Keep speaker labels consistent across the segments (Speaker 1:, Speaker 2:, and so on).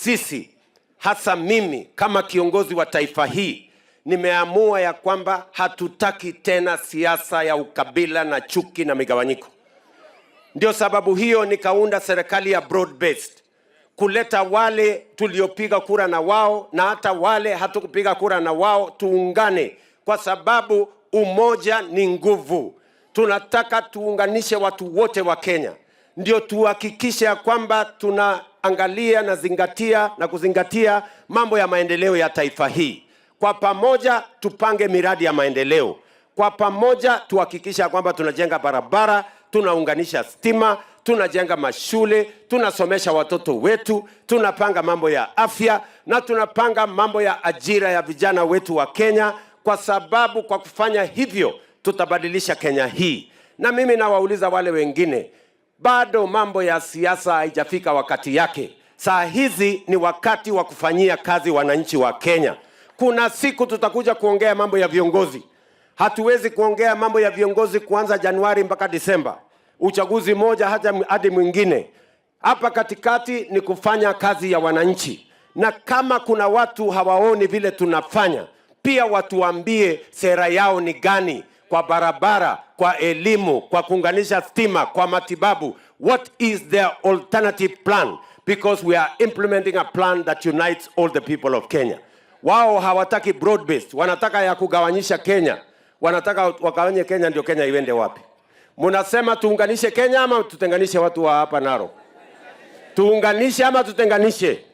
Speaker 1: sisi hasa mimi kama kiongozi wa taifa hii nimeamua ya kwamba hatutaki tena siasa ya ukabila na chuki na migawanyiko. Ndio sababu hiyo nikaunda serikali ya broad based, kuleta wale tuliopiga kura na wao na hata wale hatukupiga kura na wao, tuungane, kwa sababu umoja ni nguvu. Tunataka tuunganishe watu wote wa Kenya ndio tuhakikishe ya kwamba tunaangalia na zingatia na kuzingatia mambo ya maendeleo ya taifa hii. Kwa pamoja tupange miradi ya maendeleo, kwa pamoja tuhakikishe ya kwamba tunajenga barabara, tunaunganisha stima, tunajenga mashule, tunasomesha watoto wetu, tunapanga mambo ya afya na tunapanga mambo ya ajira ya vijana wetu wa Kenya, kwa sababu kwa kufanya hivyo tutabadilisha Kenya hii. Na mimi nawauliza wale wengine bado mambo ya siasa haijafika wakati yake. Saa hizi ni wakati wa kufanyia kazi wananchi wa Kenya. Kuna siku tutakuja kuongea mambo ya viongozi. Hatuwezi kuongea mambo ya viongozi kuanza Januari mpaka Disemba, uchaguzi moja hata hadi mwingine. Hapa katikati ni kufanya kazi ya wananchi, na kama kuna watu hawaoni vile tunafanya, pia watuambie sera yao ni gani kwa barabara, kwa elimu, kwa kuunganisha stima, kwa matibabu. What is their alternative plan? Because we are implementing a plan that unites all the people of Kenya. Wao hawataki broad based, wanataka ya kugawanyisha Kenya, wanataka wakawanye Kenya ndio Kenya iende wapi? Munasema tuunganishe Kenya ama tutenganishe watu wa hapa Narok? Tuunganishe ama tutenganishe?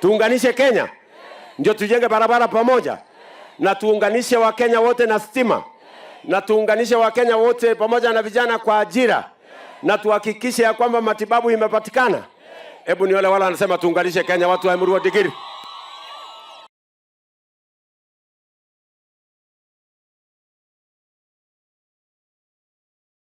Speaker 1: Tuunganishe Kenya ndio tujenge barabara pamoja na tuunganishe Wakenya wote na stima na tuunganishe Wakenya wote pamoja na vijana kwa ajira na tuhakikishe ya kwamba matibabu imepatikana. Hebu niole wala anasema tuunganishe Kenya, watu wa Emurua Digiri.